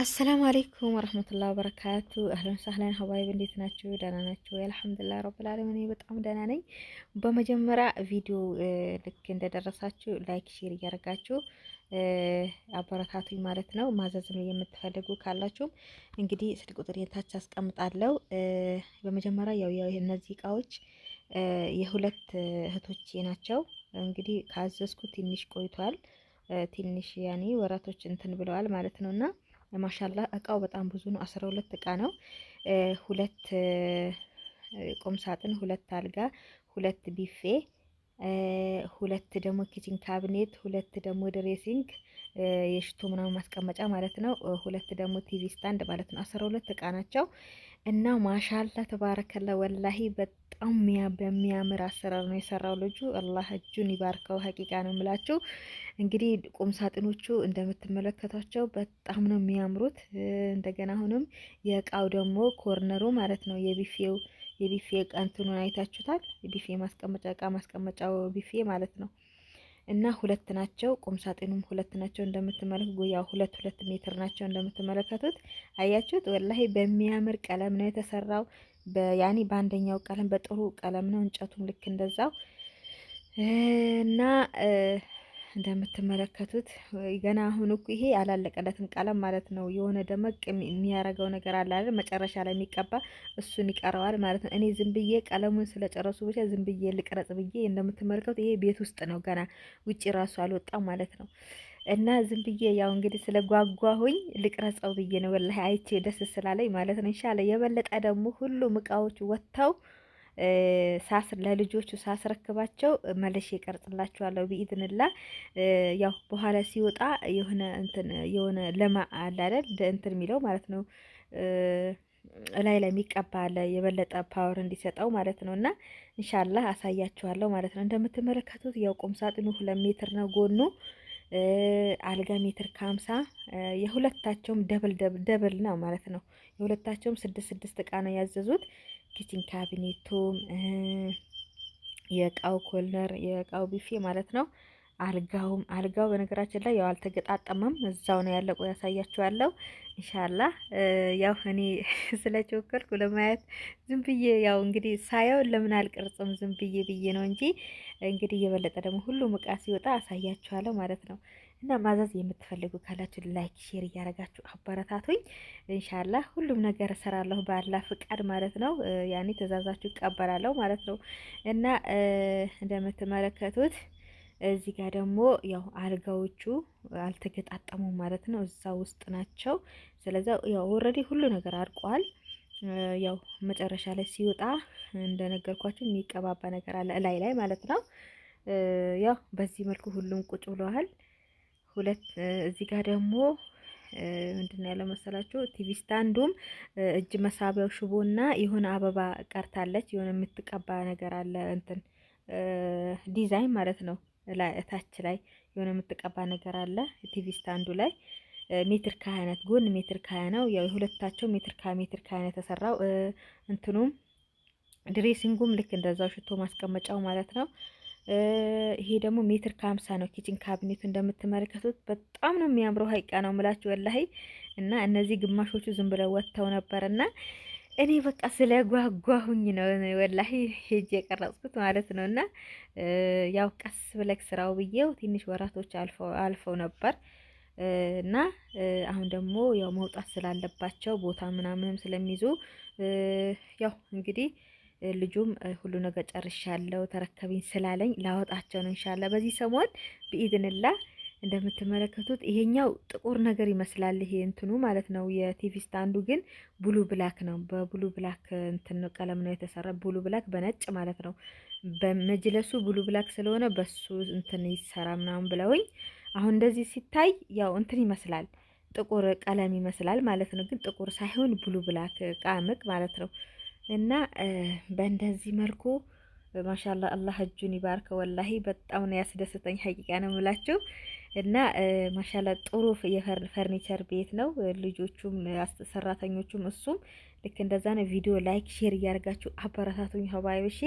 አሰላሙ አሌይኩም ወረህመቱላ ወበረካቱ። አህለን ሳህለን ሀባይብ እንዴት ናችሁ? ደህና ናችሁ? አልሐምዱሊላህ ረብል ዓለሚን በጣም ደህና ነኝ። በመጀመሪያ ቪዲዮ ልክ እንደደረሳችሁ ላይክ፣ ሼር እያደረጋችሁ አበረታቱኝ ማለት ነው። ማዘዝም የምትፈልጉ ካላችሁም እንግዲህ ስልክ ቁጥር የታች አስቀምጣለሁ። በመጀመሪያ ያው ያው እነዚህ እቃዎች የሁለት እህቶቼ ናቸው። እንግዲህ ካዘዝኩ ትንሽ ቆይቷል። ትንሽ ያኔ ወራቶች እንትን ብለዋል ማለት ነው እና ማሻላ እቃው በጣም ብዙ ነው። አስራ ሁለት እቃ ነው። ሁለት ቁም ሳጥን፣ ሁለት አልጋ፣ ሁለት ቢፌ፣ ሁለት ደግሞ ኪችን ካቢኔት፣ ሁለት ደግሞ ድሬሲንግ የሽቶ ምናምን ማስቀመጫ ማለት ነው። ሁለት ደግሞ ቲቪ ስታንድ ማለት ነው። አስራ ሁለት እቃ ናቸው እና ማሻላ ተባረከላ ወላሂ በጣም በሚያምር አሰራር ነው የሰራው ልጁ። አላህ እጁን ይባርከው። ሀቂቃ ነው የምላችሁ። እንግዲህ ቁም ሳጥኖቹ እንደምትመለከቷቸው በጣም ነው የሚያምሩት። እንደገና አሁንም የእቃው ደግሞ ኮርነሩ ማለት ነው የቢፌው የቢፌ ቀንትኑን አይታችሁታል። ቢፌ ማስቀመጫ እቃ ማስቀመጫው ቢፌ ማለት ነው። እና ሁለት ናቸው። ቁምሳጥኑም ሁለት ናቸው እንደምትመለከቱ ያው ሁለት ሁለት ሜትር ናቸው እንደምትመለከቱት አያችሁት። ወላሂ በሚያምር ቀለም ነው የተሰራው። ያኔ በአንደኛው ቀለም በጥሩ ቀለም ነው። እንጨቱም ልክ እንደዛው እና እንደምትመለከቱት ገና አሁን እኮ ይሄ አላለቀለትም ቀለም ማለት ነው። የሆነ ደመቅ የሚያረገው ነገር አለ አይደል? መጨረሻ ላይ የሚቀባ እሱን ይቀረዋል ማለት ነው። እኔ ዝም ብዬ ቀለሙን ስለጨረሱ ብቻ ዝም ብዬ ልቅረጽ ብዬ እንደምትመለከቱት ይሄ ቤት ውስጥ ነው፣ ገና ውጭ ራሱ አልወጣም ማለት ነው። እና ዝም ብዬ ያው እንግዲህ ስለ ጓጓሁኝ ልቅረጸው ብዬ ነው ወላሂ አይቼ ደስ ስላለኝ ማለት ነው። ኢንሻአላህ የበለጠ ደግሞ ሁሉም እቃዎች ወጥተው ሳስር ለልጆቹ ሳስረክባቸው መለሽ ይቀርጽላችኋለሁ ብኢድንላ። ያው በኋላ ሲወጣ የሆነ እንትን የሆነ ለማ አለ አይደል እንትን የሚለው ማለት ነው ላይ ላይ የሚቀባ አለ የበለጠ ፓወር እንዲሰጠው ማለት ነው። እና ኢንሻላህ አሳያችኋለሁ ማለት ነው። እንደምትመለከቱት ያው ቁምሳጥኑ ሁለት ሜትር ነው ጎኑ አልጋ ሜትር ከሀምሳ የሁለታቸውም ደብል ደብል ነው ማለት ነው። የሁለታቸውም ስድስት ስድስት እቃ ነው ያዘዙት። ኪችን ካቢኔቱም የእቃው ኮልነር የእቃው ቢፌ ማለት ነው አልጋውም አልጋው በነገራችን ላይ ያው አልተገጣጠመም፣ እዛው ነው ያለቆ ያሳያችኋለሁ። ያለው ያው እኔ ስለቸኮልኩ ለማየት ዝም ብዬ ያው እንግዲህ ሳየው ለምን አልቀርጽም ዝም ብዬ ብዬ ነው እንጂ እንግዲህ እየበለጠ ደግሞ ሁሉም እቃ ሲወጣ አሳያችኋለሁ ማለት ነው። እና ማዘዝ የምትፈልጉ ካላችሁ ላይክ ሼር እያደረጋችሁ አበረታቱኝ። ኢንሻላ ሁሉም ነገር እሰራለሁ ባላ ፍቃድ ማለት ነው። ያኔ ትእዛዛችሁ ይቀበላለሁ ማለት ነው። እና እንደምትመለከቱት እዚህ ጋር ደግሞ ያው አልጋዎቹ አልተገጣጠሙም ማለት ነው፣ እዛ ውስጥ ናቸው። ስለዚ ያው ኦልሬዲ ሁሉ ነገር አርቋል። ያው መጨረሻ ላይ ሲወጣ እንደነገርኳችሁ የሚቀባባ ነገር አለ እላይ ላይ ማለት ነው። ያው በዚህ መልኩ ሁሉም ቁጭ ብለዋል። ሁለት እዚህ ጋር ደግሞ ምንድን ነው ያለው መሰላችሁ? ቲቪ ስታንዱም እጅ መሳቢያው ሽቦና የሆነ አበባ ቀርታለች። የሆነ የምትቀባ ነገር አለ እንትን ዲዛይን ማለት ነው። እታች ላይ የሆነ የምትቀባ ነገር አለ ቲቪ ስታንዱ ላይ ሜትር ከሀያ አይነት ጎን ሜትር ከሀያ ነው። ያው የሁለታቸው ሜትር ከሀያ ሜትር ከሀያ ነው የተሰራው። እንትኑም ድሬሲንጉም ልክ እንደዛው ሽቶ ማስቀመጫው ማለት ነው። ይሄ ደግሞ ሜትር ከሀምሳ ነው። ኪችን ካቢኔቱ እንደምትመለከቱት በጣም ነው የሚያምረው። ሀይቃ ነው ምላችሁ ወላሂ። እና እነዚህ ግማሾቹ ዝም ብለው ወጥተው ነበርና እኔ በቃ ስለ ጓጓሁኝ ነው ወላሂ ሄጅ የቀረጽኩት ማለት ነው። እና ያው ቀስ ብለክ ስራው ብዬው ትንሽ ወራቶች አልፈው ነበር እና አሁን ደግሞ ያው መውጣት ስላለባቸው ቦታ ምናምንም ስለሚይዙ ያው እንግዲህ ልጁም ሁሉ ነገር ጨርሻለሁ ተረከቢኝ ስላለኝ ላወጣቸው ነው። ኢንሻላ በዚህ ሰሞን ብኢድንላ እንደምትመለከቱት ይሄኛው ጥቁር ነገር ይመስላል። ይሄ እንትኑ ማለት ነው። የቲቪ ስታንዱ ግን ብሉ ብላክ ነው። በብሉ ብላክ እንትን ቀለም ነው የተሰራ። ብሉ ብላክ በነጭ ማለት ነው። በመጅለሱ ብሉ ብላክ ስለሆነ በሱ እንትን ይሰራ ምናምን ብለውኝ፣ አሁን እንደዚህ ሲታይ ያው እንትን ይመስላል፣ ጥቁር ቀለም ይመስላል ማለት ነው። ግን ጥቁር ሳይሆን ብሉ ብላክ ቃምቅ ማለት ነው። እና በእንደዚህ መልኩ ማሻላ አላህ እጁን ይባርከ። ወላሂ በጣም ነው ያስደሰተኝ። ሀቂቃ ነው የምላቸው እና ማሻላ ጥሩ የፈርኒቸር ቤት ነው። ልጆቹም ሰራተኞቹም እሱም ልክ እንደዛ ነው። ቪዲዮ ላይክ ሼር እያደርጋችሁ አበረታቱኝ ሀባይብሼ